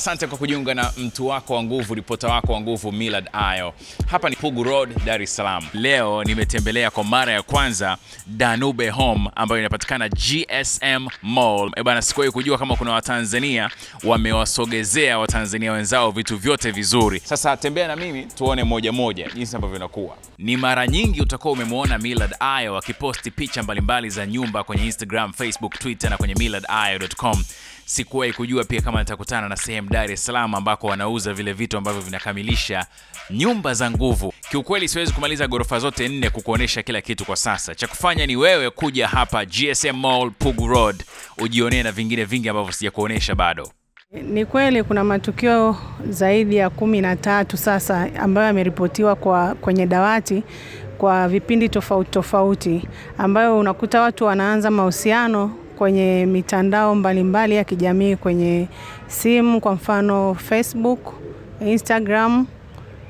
Asante kwa kujiunga na mtu wako wa nguvu, ripota wako wa nguvu milad Ayo. Hapa ni Pugu Road, Dar es Salaam. Leo nimetembelea kwa mara ya kwanza Danube Home ambayo inapatikana GSM Mall. E bana, sikuwahi kujua kama kuna Watanzania wamewasogezea Watanzania wenzao vitu vyote vizuri. Sasa tembea na mimi tuone moja moja jinsi ambavyo inakuwa. Ni mara nyingi utakuwa umemwona milad Ayo akiposti picha mbalimbali za nyumba kwenye Instagram, Facebook, Twitter na kwenye millardayo.com sikuwahi kujua pia kama nitakutana na sehemu Dar es Salaam ambako wanauza vile vitu ambavyo vinakamilisha nyumba za nguvu. Kiukweli siwezi kumaliza ghorofa zote nne kukuonesha kila kitu kwa sasa. Cha kufanya ni wewe kuja hapa GSM Mall Pugu Road ujionee na vingine vingi ambavyo sijakuonesha bado. Ni kweli kuna matukio zaidi ya kumi na tatu sasa ambayo yameripotiwa kwa kwenye dawati kwa vipindi tofauti tofauti, ambayo unakuta watu wanaanza mahusiano kwenye mitandao mbalimbali mbali ya kijamii kwenye simu, kwa mfano Facebook, Instagram.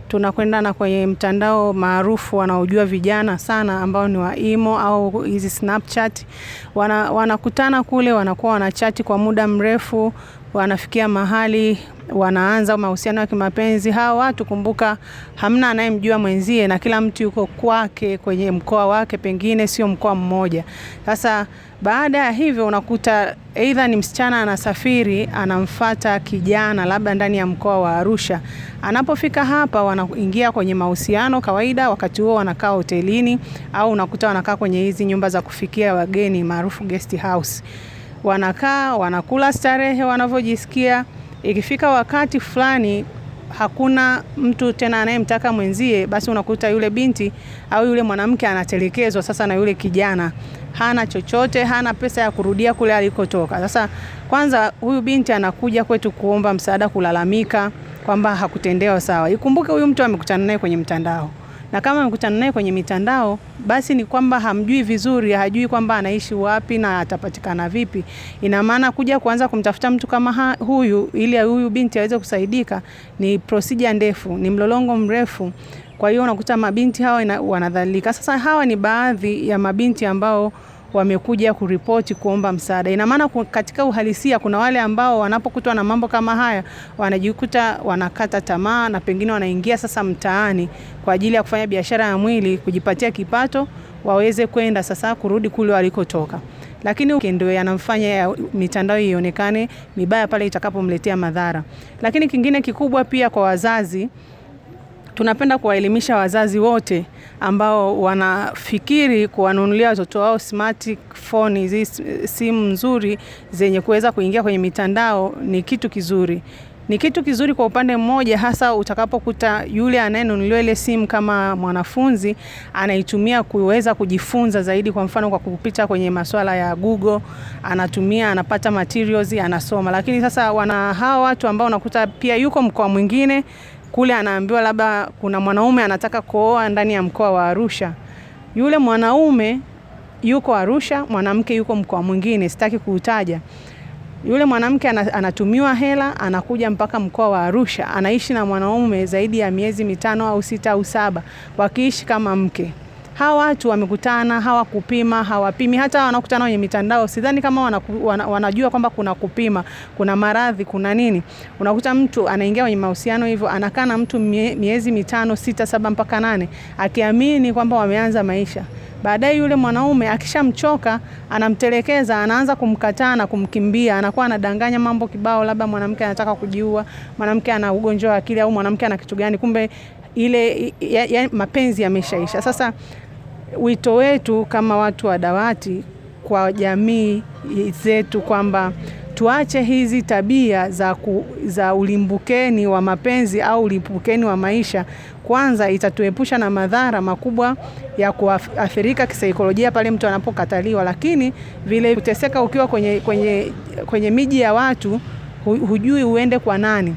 Tunakwenda na kwenye mtandao maarufu wanaojua vijana sana ambao ni wa Imo au hizi Snapchat. Wana, wanakutana kule wanakuwa wanachati kwa muda mrefu, wanafikia mahali wanaanza mahusiano ya kimapenzi hawa watu. Kumbuka hamna anayemjua mwenzie, na kila mtu yuko kwake kwenye mkoa wake, pengine sio mkoa mmoja. Sasa baada ya hivyo, unakuta aidha ni msichana anasafiri, anamfata kijana labda ndani ya mkoa wa Arusha. Anapofika hapa, wanaingia kwenye mahusiano kawaida. Wakati huo wanakaa hotelini, au unakuta wanakaa kwenye hizi nyumba za kufikia wageni maarufu guest house wanakaa wanakula starehe wanavyojisikia. Ikifika wakati fulani hakuna mtu tena anayemtaka mwenzie, basi unakuta yule binti au yule mwanamke anatelekezwa sasa na yule kijana, hana chochote, hana pesa ya kurudia kule alikotoka. Sasa kwanza, huyu binti anakuja kwetu kuomba msaada, kulalamika kwamba hakutendewa sawa. Ikumbuke huyu mtu amekutana naye kwenye mtandao na kama amekutana naye kwenye mitandao, basi ni kwamba hamjui vizuri, hajui kwamba anaishi wapi na atapatikana vipi. Ina maana kuja kuanza kumtafuta mtu kama huyu ili huyu binti aweze kusaidika, ni procedure ndefu, ni mlolongo mrefu. Kwa hiyo unakuta mabinti hawa wanadhalilika. Sasa hawa ni baadhi ya mabinti ambao wamekuja kuripoti kuomba msaada. Ina maana katika uhalisia kuna wale ambao wanapokutwa na mambo kama haya wanajikuta wanakata tamaa na pengine wanaingia sasa mtaani kwa ajili ya kufanya biashara ya mwili, kujipatia kipato, waweze kwenda sasa kurudi kule walikotoka. Lakini ndio yanamfanya ya mitandao ionekane mibaya pale itakapomletea madhara. Lakini kingine kikubwa pia kwa wazazi Tunapenda kuwaelimisha wazazi wote ambao wanafikiri kuwanunulia watoto wao smartphone, hizi simu nzuri zenye kuweza kuingia kwenye mitandao ni kitu kizuri ni kitu kizuri kwa upande mmoja, hasa utakapokuta yule anayenunuliwa ile simu kama mwanafunzi anaitumia kuweza kujifunza zaidi. Kwa mfano, kwa kupita kwenye masuala ya Google anatumia, anapata materials, anasoma. Lakini sasa wana hawa watu ambao unakuta pia yuko mkoa mwingine kule anaambiwa labda kuna mwanaume anataka kuoa ndani ya mkoa wa Arusha. Yule mwanaume yuko Arusha, mwanamke yuko mkoa mwingine, sitaki kuutaja. Yule mwanamke anatumiwa hela, anakuja mpaka mkoa wa Arusha, anaishi na mwanaume zaidi ya miezi mitano au sita au saba, wakiishi kama mke hawa watu wamekutana, hawakupima, hawapimi. Hata wanakutana kwenye mitandao, sidhani kama wanaku, wana, wanajua kwamba kuna kupima, kuna maradhi, kuna nini. Unakuta mtu anaingia kwenye mahusiano hivyo, anakaa na mtu mie, miezi mitano, sita, saba mpaka nane, akiamini kwamba wameanza maisha. Baadaye yule mwanaume akishamchoka, anamtelekeza, anaanza kumkataa na kumkimbia, anakuwa anadanganya mambo kibao, labda mwanamke anataka kujiua, mwanamke ana ugonjwa wa akili, au mwanamke ana kitu gani, kumbe ile ya, ya, mapenzi yameshaisha. Sasa wito wetu kama watu wa dawati kwa jamii zetu kwamba tuache hizi tabia za, ku, za ulimbukeni wa mapenzi au ulimbukeni wa maisha. Kwanza itatuepusha na madhara makubwa ya kuathirika kisaikolojia pale mtu anapokataliwa, lakini vile kuteseka ukiwa kwenye, kwenye, kwenye miji ya watu hujui uende kwa nani.